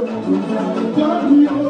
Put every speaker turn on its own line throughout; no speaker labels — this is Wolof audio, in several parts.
Don't you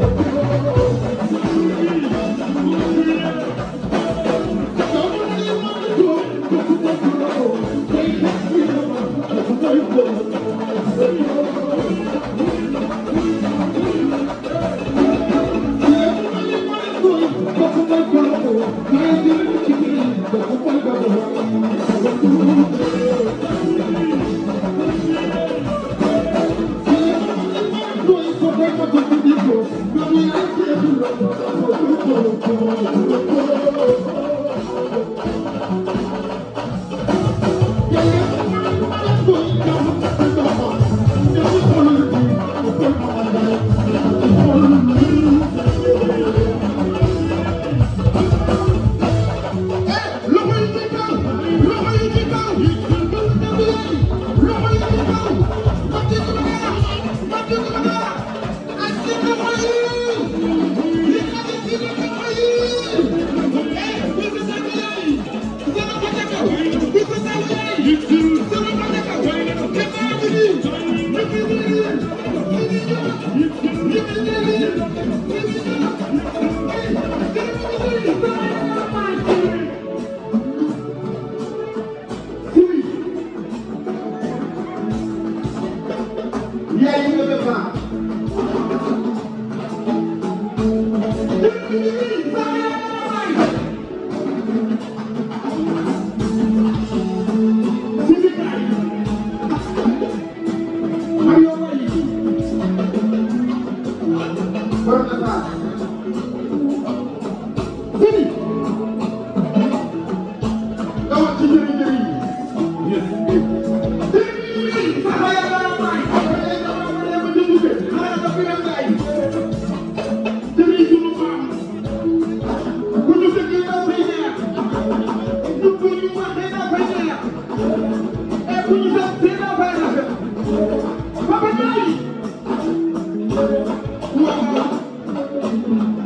Thank you.